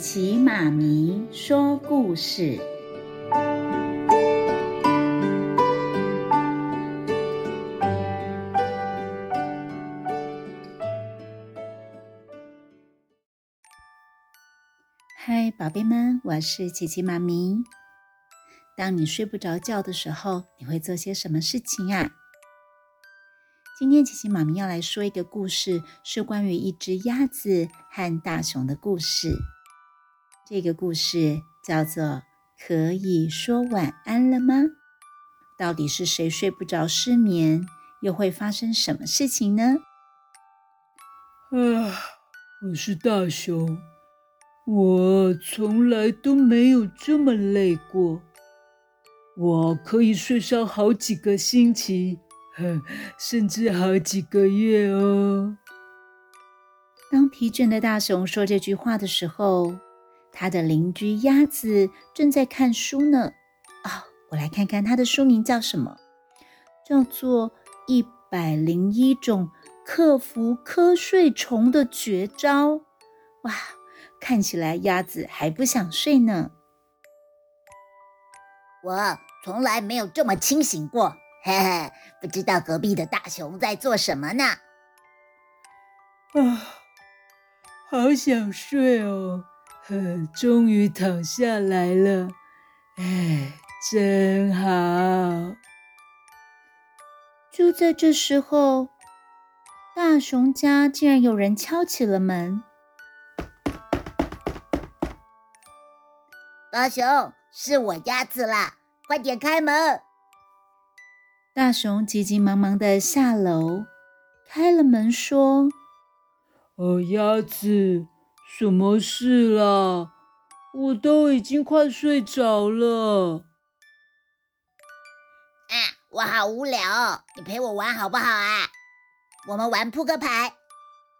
琪琪媽咪說故事。嗨，寶貝們，我是琪琪媽咪。當你睡不着覺的時候，你會做些什麼事情啊？今天琪琪媽咪要來說一個故事，是關於一隻鴨子和大熊的故事。這個故事叫做《可以說晚安了嗎》？到底是誰睡不着失眠？又會發生什麼事情呢？啊，我是大熊，我從來都沒有這麼累過。我可以睡上好幾個星期，甚至好幾個月哦。當疲倦的大熊說這句話的時候，他的鄰居鴨子正在看書呢。哦，我來看看他的書名叫什麼，叫做《一百零一種克服瞌睡蟲的絕招》。哇，看起來鴨子還不想睡呢。我從來沒有這麼清醒過，嘿嘿，不知道隔壁的大熊在做什麼呢？啊，好想睡哦。呃，終於躺下來了，哎，真好。就在這時候，大熊家竟然有人敲起了門。大熊，是我鴨子啦，快點開門！大熊急急忙忙地下樓，開了門說：“哦，鴨子。”什麼事啦？我都已經快睡着了。啊，我好無聊哦，你陪我玩好不好啊？我們玩撲克牌。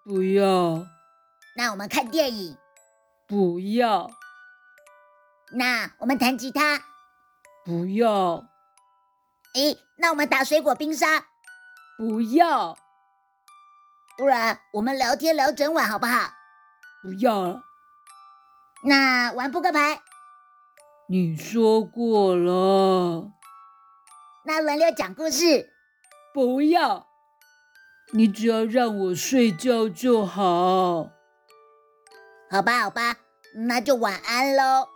不要。那我們看電影。不要。那我們彈吉他。不要。哎，那我們打水果冰沙。不要。不然我們聊天聊整晚好不好？不要了，那玩撲克牌。你說過了，那輪流講故事。不要，你只要讓我睡覺就好。好吧，好吧，那就晚安嘍。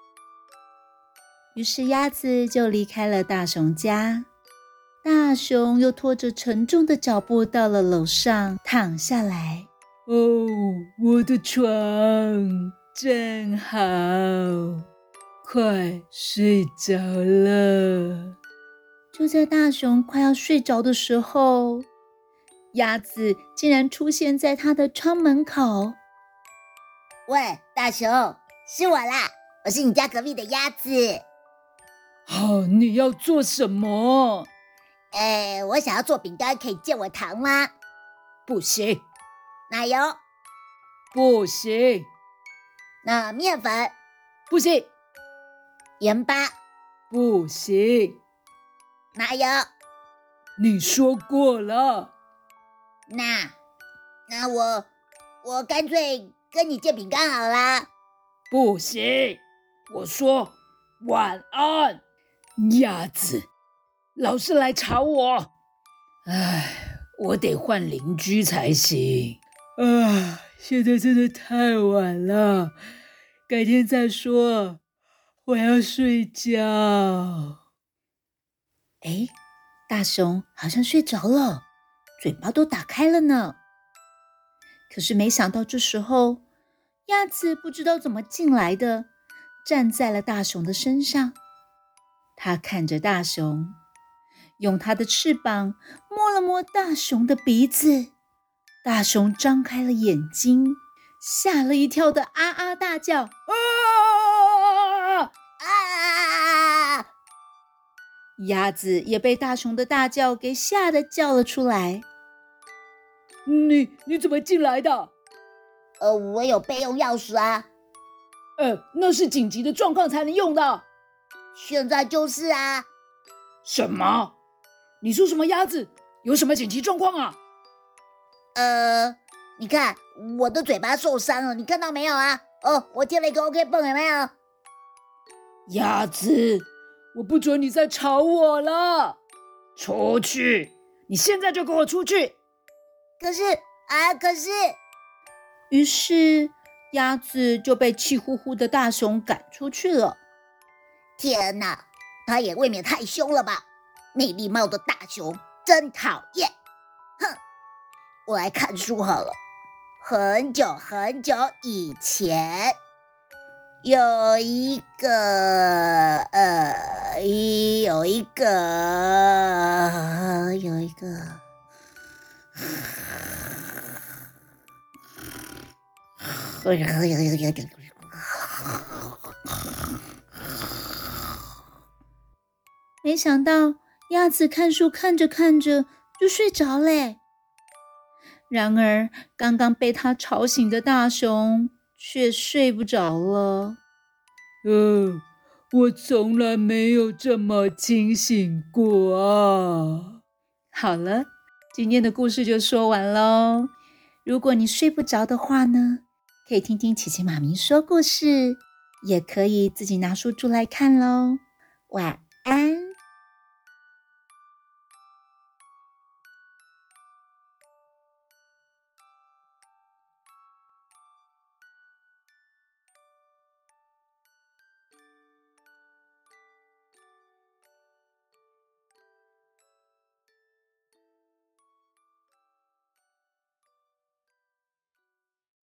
於是鴨子就離開了大熊家，大熊又拖着沉重的腳步到了樓上，躺下來。哦，oh, 我的床正好，快睡着了。就在大熊快要睡着的時候，鴨子竟然出現在他的窗門口。喂，大熊，是我啦，我是你家隔壁的鴨子。好，oh, 你要做什麼？誒、呃，我想要做餅乾，可以借我糖嗎？不行。奶油？不行。那麵粉？不行。鹽巴？不行。奶油有你說過了。那那我我乾脆跟你借餅乾好了。不行，我說晚安。鴨子老是來吵我，唉，我得換鄰居才行。啊，現在真的太晚了，改天再說。我要睡覺。哎，大熊好像睡着了，嘴巴都打開了呢。可是沒想到，這時候，鴨子不知道怎麼進來的，站在了大熊的身上。它看着大熊，用它的翅膀摸了摸大熊的鼻子。大熊張開了眼睛，嚇了一跳的啊啊大叫啊啊！啊鴨子也被大熊的大叫給嚇得叫了出來。你你怎麼進來的？呃，我有備用鑰匙啊。呃，那是緊急的狀況才能用的。現在就是啊。什麼？你說什麼？鴨子有什麼緊急狀況啊？呃，你看我的嘴巴受傷了，你看到沒有啊？哦，我貼了一個 OK 繃，有沒有？鴨子，我不准你再吵我了，出去！你現在就給我出去！可是啊，可是，於是鴨子就被氣呼呼的大熊趕出去了。天哪，他也未免太凶了吧？沒禮貌的大熊真討厭。我來看書好了。很久很久以前，有一個，呃，有一個，有一個，沒想到鴨子看書看着看着就睡着嘞。然而，剛剛被他吵醒的大熊卻睡不着了。嗯、呃，我從來沒有這麼清醒過啊！好了，今天的故事就說完嘍。如果你睡不着的話呢，可以聽聽琪琪媽咪說故事，也可以自己拿書出來看嘍。晚安。